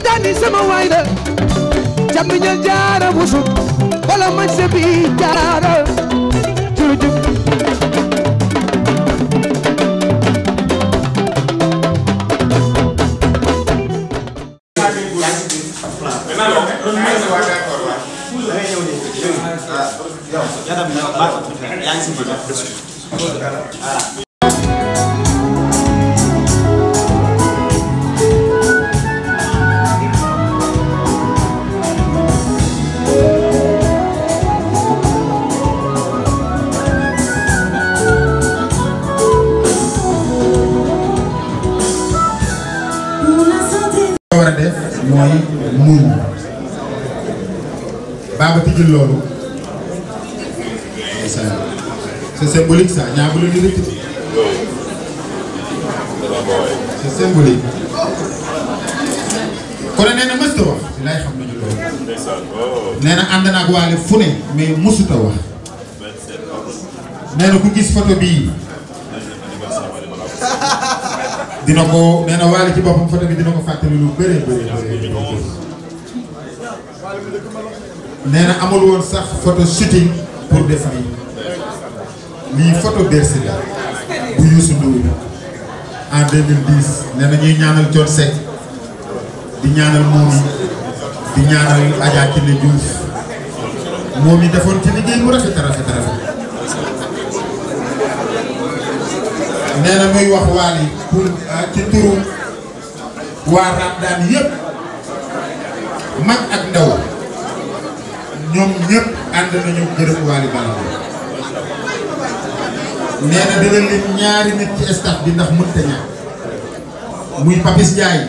tijani sama waay la jambi ñal jaara busu wala man se bi jaara jurujub yaa ah, ngi si bëgg baaba tijjil loolu c'est symbolique ça ñaa bu la di rëcc c'est symbolique kon nee na mësta wax lay xam nañu waale fu ne mais mësuta wax ku gis photo bii dina ko nee na waale ci boppam photo bi dina ko fàttali lu bëree bëri bëri nee na amul woon sax photo shooting pour def lii lii photo Bercy la bu Youssou Ndour en 2010 nee na ñuy ñaanal Thione Seck di ñaanal Momy di ñaanal Adja Kine Diouf moom yi defoon ci liggéey bu rafet rafet rafet nee na muy wax waal ah, yi ci turu waa Ramadane yépp mag ak ndaw ñoom ñëpp ànd nañu gërëm Waly Ballago nee na dana leen ñaari nit ci staff bi ndax mënta ñàkk muy Papis Ndiaye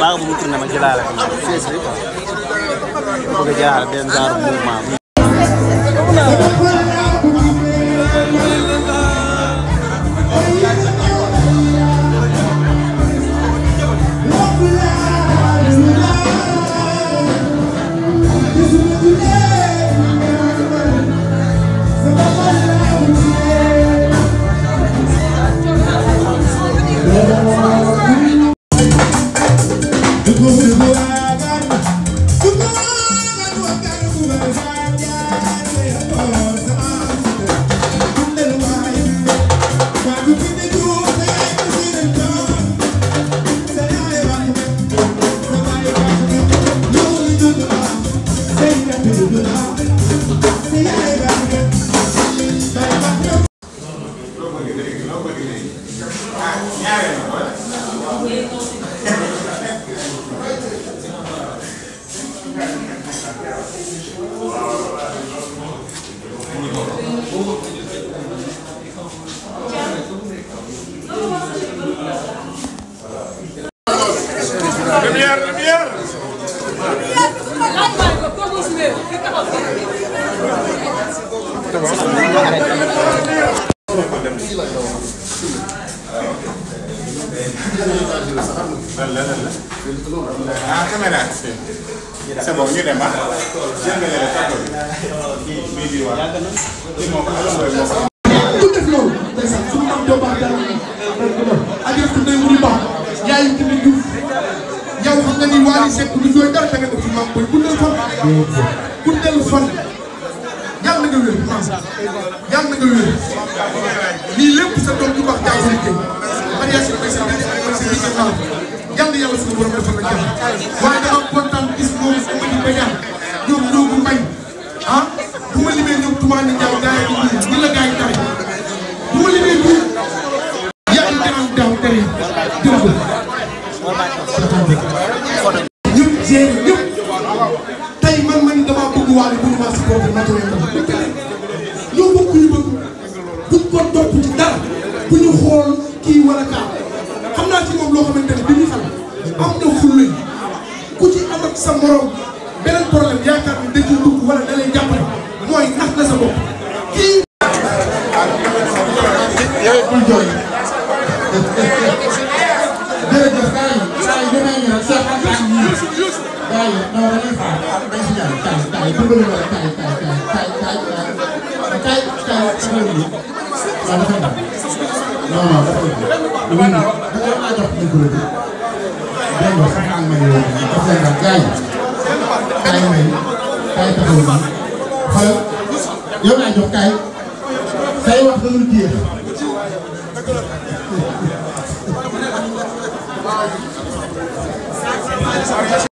maa ngi bëgg tourné ma jëlaale ko moom fees bi quoi bëgg a jëlaale benn genre mouvement léegi léegi loo bëgg léegi ah ñaareel na wala. Wally Seck jooy dara danga def ci maam booy guddal fan. guddal fan yàlla na nga wér yàlla na sa doom ju baax jaay seen kër mariage bi sa benn ak sa liggéey maam yàlla yàlla suñu borom defal la jàmm waaye dama kontaan gis moom sama di bañaan may ah bu ma limee ñoom tumaa ni jaaw gaa yi ñu la gaa yi na xulle ku ci am ak sa morom beneen problème yaakaar ni dañuy dugg wala da lay jàppale mooy nax na sa bopp kii. yooyu bul jooy jërëjëf gars yi saa yu demee ñu rek Cheikh Anta ñu gars yi non da ngay faal dañ si jàll taay taay bëggalu ma taay taay taay taay taay taay taay waaw dafa ndax non non dafa ndax lu muy bu ngeen maa jox micro bi dégg nga sax maa ngi may yow daf lay def gars yi kaay may kaay taxaw bi xoolal yow naa jox kaay say wax dëgg lu jeex.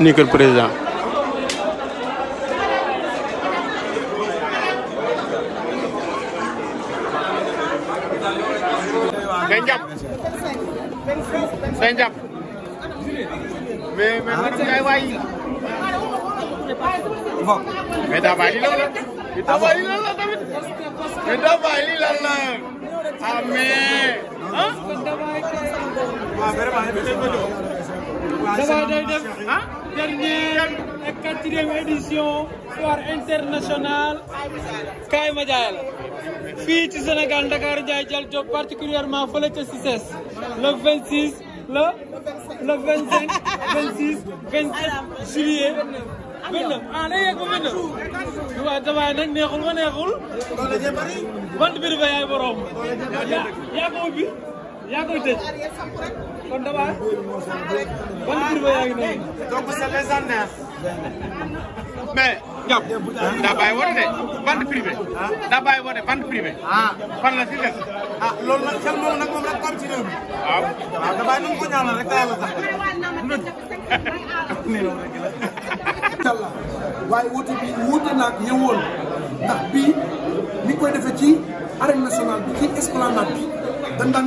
ni président day jàpp day jàpp mais mais madame ah, Ndiaye waaye bon mais daa bàyyi lan la daa bàyyi lan la tamit mais daa bàyyi lan ah, dafay day def ah dernière et quatrième édition soirée internationale Kaay ma jaay la fii ci Sénégal Dakar Ndiaye Dial Diop particulièrement fële ca CICES le 26 le le 25 26 27 juillet. benn ah day yegg ba benn waaw dafay nag neexul nga neexul. bant bi dafay yaay borom. yaa yaa ko ubbi yaa koy tëj. kon dama ban kurba yaa ngi noonu. donc c'est légendaire. mais daa bàyyi woote de vente privée. daa bàyyi woote vente privée. fan la si des. ah loolu nag xel nag moom rek ci réew mi. waaw waaw da bàyyi nu mu ko ñaanal rek te yàlla sax incha allah waaye wuute bi wuute naag ñëwoon ndax bii ni koy defee ci arène nationale bi ci esplanade bi dañ daan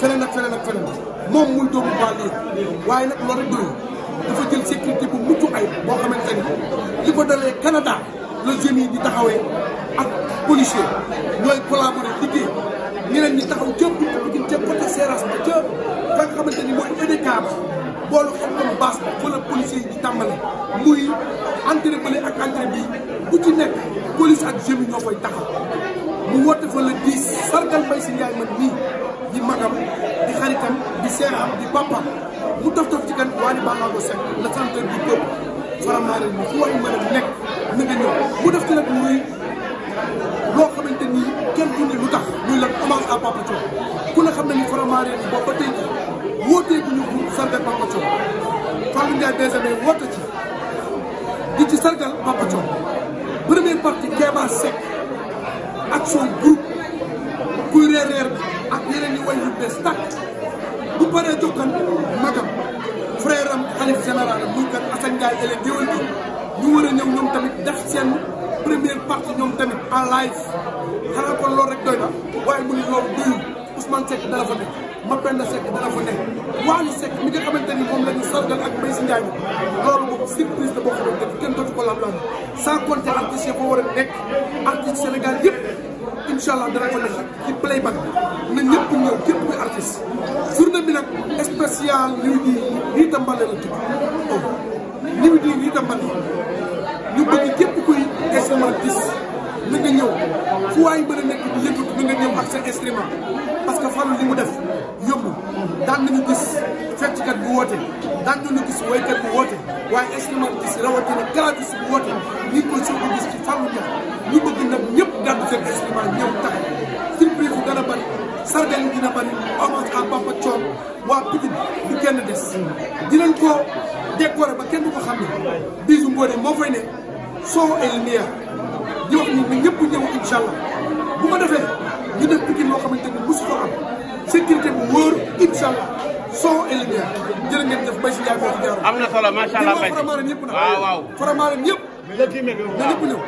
feneen ak feneen ak feneen moom muy doomu banlieue waaye nag loolu rek doyul dafa jël sécurité bu mucc ay boo xamante ni li ko dalee Canada la jeunes yi di taxawee ak policier ñooy collaborer liggéey ñeneen ñi taxaw ca buntu Pikine ca côté Seras ba ca fa nga xamante ni mooy EDK ba boolu xam comme base ba fa la policier yi di muy entrée bële ak entrée bi bu ci nekk police ak jeunes yi ñoo koy taxaw mu woote fa la 10 sargal Mbaye si Ndiaye man nii seeraam di pampam mu dof dof ci kan Wally Ballago Seck le chanteur du peuple Faramaré mu fu waay mën a nekk na nga ñëw mu def ci nag muy loo xamante ni kenn ku lu tax muy la hommage à Papa Thion ku ne xam ne ni Faramaré bi boobu ba tey bu ñu pour sargal Papa Thion Fallou Ndiaye désormais woote ci di ci sargal Papa Thion première partie Kéba Seck ak son groupe kuy reer reer ak yeneen yi way bees tàkk xalif général muy kat Assane a ñëw ñoom tamit def seen première partie ñoom tamit en live xanaa kon loolu rek doy na waaye mu ne loolu doyul Ousmane Seck dara fa nekk Mapenda Seck dara fa nekk Waly Seck mi nga xamante ni moom la ñu ak Mbaye si Ndiaye bi loolu moom surprise la boo xamante ni kenn dootu ko lam-lam sans compter artistes yi fa war a nekk artistes Sénégal yëpp incha allah dana ko def ci playback na ñëpp ñëw képp kuy artiste journée bi nag spécial liw di Rita Mbalé la tudd liw di Rita Mbalé ñu kuy instrument gis na ñëw fu waay mën a nekk di yëngatu na nga ñëw ak sa instrument parce que Fallou li mu def daan nañu gis fecckat bu woote daan nañu gis woykat bu woote waaye instrument gis rawatina clavis bu woote ni ko soog a gis ci fàllu ñax ñu bëgg nag ñëpp gàddu seen instrument ñëw taxaw surprise dana bari sargal dina bari hommage à Papa Thione waa Pikine du kenn des dinañ ko décorer ba kenn du ko xam ne bisu Mbodé moo fay ne soo ay lumière di wax ni ñëpp ñëw incha allah bu ko defee ñu def Pikine loo xamante ni mosu ko am sécurité bu wóor incha allah son et lumière jërë ngeen jëf bay am na solo macha allah bay Faramaren ñëpp nag. waaw waaw Faramaren ñëpp. na ñëpp ñëw.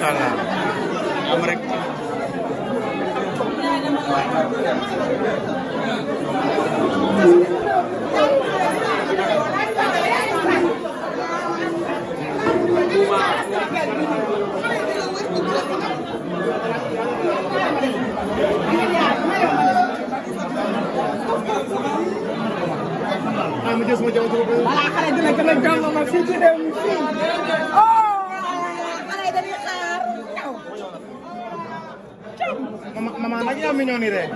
macha allah am rek. ah ma jës ma jëm ci boppam. voilà xale dina gën a gàmm ak fii ci réew mi fii. Maman, maman nak yaa mignon nii rek.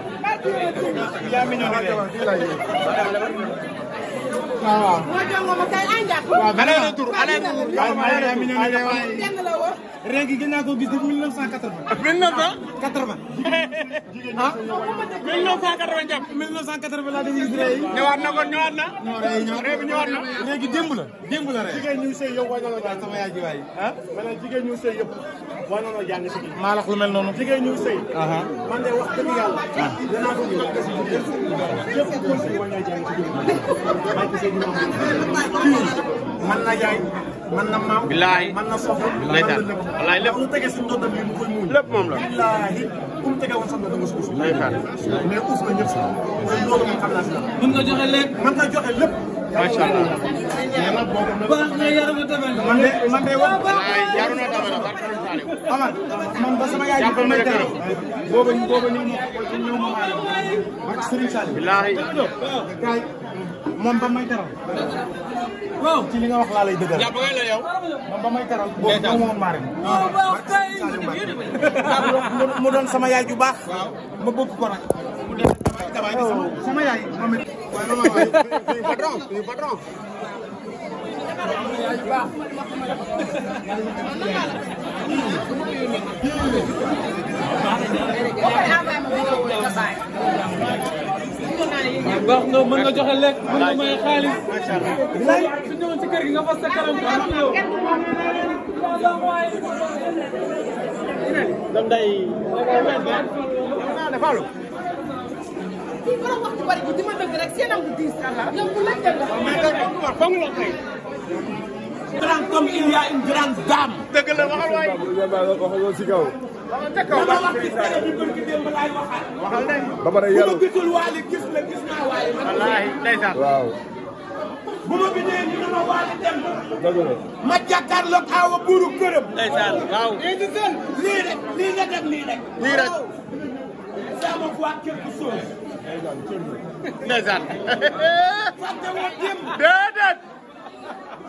yaa mignon nii rek. waaw waaw. waaw beneen la tur allé tur. waaw maa yaa mignon nii rek waaye. rek yi gën naa ko gis depuis mille neuf cent quatre-vingt. mille neuf cent quatre-vingt. ah. mille neuf cent quatre-vingt jàpp. mille neuf cent quatre-vingt laa dem gis rek yi. ñëwaat na kon ñëwaat na. non rek yi ñëwaat na ñëwaat na. léegi démb la démb la rek. jigéen ñu sëy yow wàññi la sama yaay ji waay. ah. jigéen ñu sëy yëpp. mooy noonu jàng si maa lax lu mel noonu jigéen ñuy sëy man de wax dëgg yàlla ah. danaa ko ñu ko ci jëf ko ci wala jàng ci man ci seen man na jaay man na maam bilaay man na soxla bilaay lépp lu tege si ndodam yi mu koy muñ lépp moom la bilaay ku mu tege woon sax ndodam su lay faal mais uus na ñëpp loolu moom xam naa si mën nga joxe lépp mën nga joxe lépp macha allah baax na yaram na tamel man de man de wax yaru na tamel amal man ba sama yaay jàppal ma dara booba booba ñëw ma ko ci ñëw ma ak Serigne Saliou billahi gaay moom ba may teral waaw ci li nga wax laa lay dëggal jàpp ngay la yow moom ba may teral boobu ñëw ma maari mu doon sama yaay ju baax ma bëgg ko nag mu def sama yaay sama yaay moom it patron patron baax nga mën nga joxe lekk mën nga may xaalis. lay su ñëwoon ci kër gi nga fas sa kanam ba am yow. donc day. fii borom wax ju bari ji di ma dëgg rek seen am bu diis. yow bu lañ dëgg. grand comme il y a une grande dame. dëgg la waxal waay. waxal si kaw. dama wax ci télé bi barki démb laay waxaat. waxal de. ba pare yàlla bu ma gisul waale gis la gis naa waaye. wallaahi ndeysaan waaw. bu ma bindee ñu ne ma waale dem. dëgg la. ma jàkkaarloog aawa buuru këram. ndeysaan waaw. lii rek lii nga def lii rek. lii rek. ça me voit quelque chose. ndeysaan. fàtte woon démb. déedéet.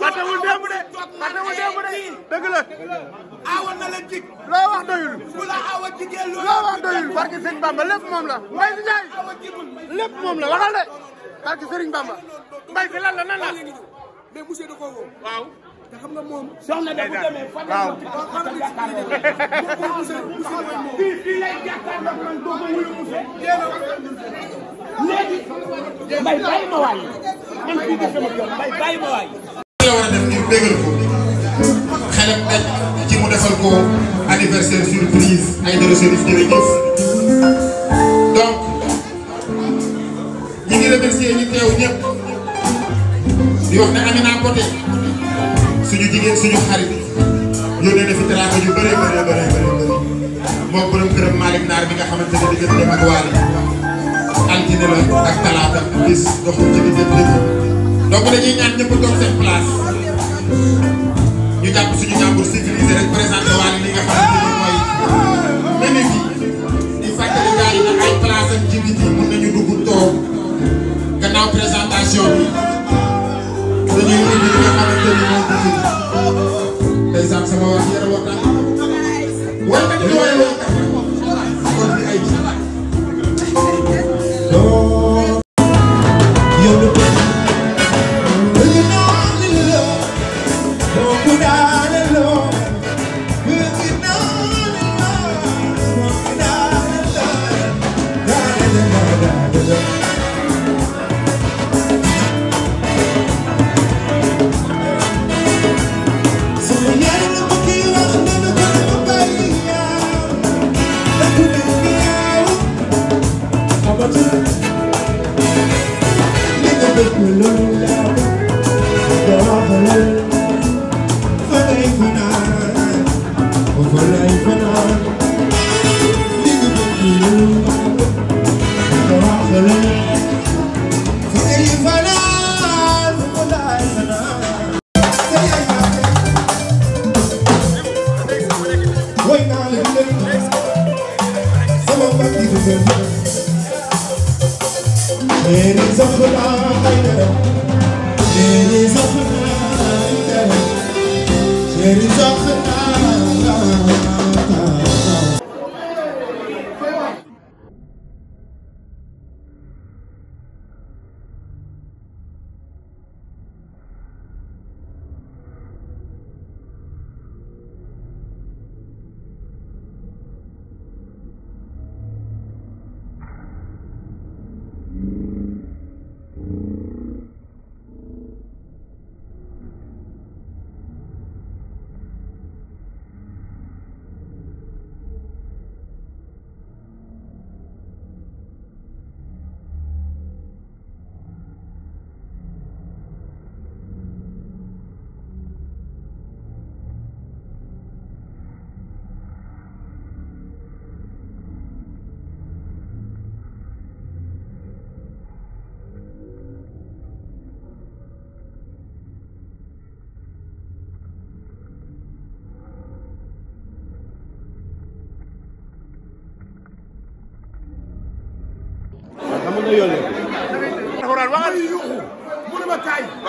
fàttewul démb de fàttewul démb de dëgg la. loo wax doyul. loo wax doyul. barke Sëriñ Bamba lépp moom la Mbaye si Ndiaye. lépp moom la waxal de. barke Sëriñ Bamba. Mbaye bi lan la nan la. bégal ko xelam daj ci mu defal ko anniversaire surprise ay dara Chérif jërëjëf donc ñi ngi remercier ñi teew ñëpp di wax ne Amina Poté suñu jigéen suñu xarit yónnee na fi teraanga yu bëree bëree bëree bëri moom borom këram Malick Naar bi nga xamante ne diggante dem ak waale altine la ak talaata bis doxul ci diggante donc dañuy ñaan ñëpp toog seen place. ñu jàpp suñu jàmbur civilisé rek présenté waale li nga xam ne mooy meneen yi di fàttali gars yi nag ay place ak ci nit yi mën nañu dugg toog gannaaw présentation bi dañuy indi li nga xamante ni moom du tudd ndeysaan sama wax yara wax naa war nga di wooye wooye kon bi ay ji Thank you. Meri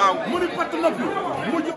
waaw mu ni patt noppi mujj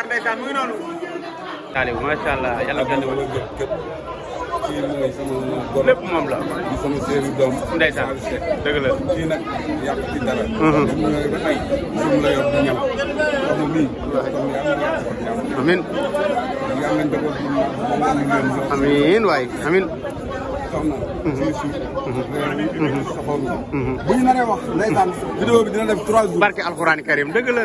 Bakar ndeysaan mu ngi noonu. Saliou macha allah yàlla gën kii mooy sama góor lépp moom la. di sama séeru doom. ndeysaan dëgg la. kii nag yàq ci dara. ñu ngi lay fay suñu la yor di ñam. xam nga nii. amiin. yaa ngi njaboot bi moom amiin waay amiin. soxna. suñu suuf. soxoon na. bu ñu naree wax. ndeysaan vidéo bi dina def trois jours. barke alxuraan karim dëgg la.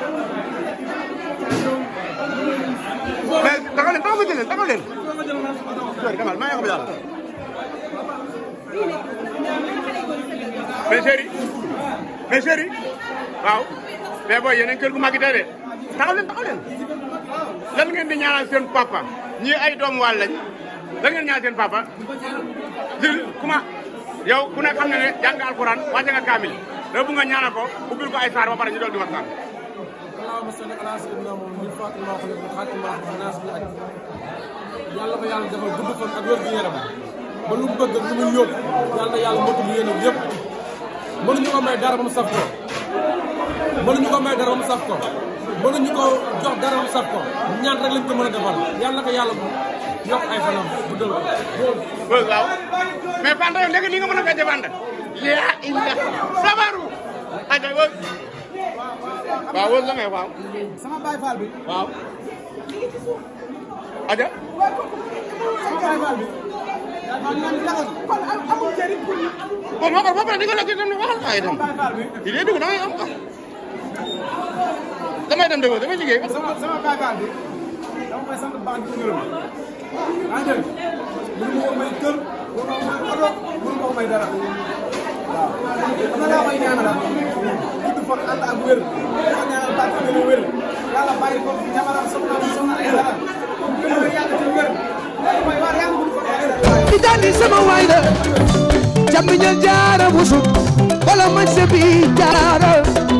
mais danga leen danga leen danga leen. mais chéri mais chéri waaw mais booy yeneen kër gu mag tey de taxaw leen taxaw leen di ñaanal seen papa ñii ay doomu waal lañ lan ngeen ñaanal seen papa. jël kuma yow ku ne xam na ne jàng nga alxuraan wàcce nga kaamil da bëgg nga ñaanal ko ubbil ko ay saar ba pare ñu doon di waxtaan. allahumma salli ala sayyidina moom ñu fàttali maa xam ne xaatim maa xam naas bi ak yàlla ko yàlla defal gudd fan ak wér gu mu bëgg lu muy yóbbu yàlla yàlla motul yéenam yëpp mënuñu ko may dara ba mu saf ko mënuñu ko may dara ba mu saf ko mënuñu ko jox dara ba mu saf ko ñaan rek lañ ko mën a defal ko yàlla ko yokk ay fanam bu dël ko waaw mais Fanta yow léegi nii nga mën a fekk Fanta yaa illa sabaru waaw wóor la ngay waaw. sama baay faal daa ah. koy ñaanal gudd fan ànd ak wér di ko ñaanal bàcc gën a wér yàlla bàyyi ko fi jabaram soxna bi soxna ay dara gën a yàgg ci wér loolu mooy waar yàlla gudd fan ay dara di daal di sama waay la jàmm ñal jaara busub wala mañ sa bi jaara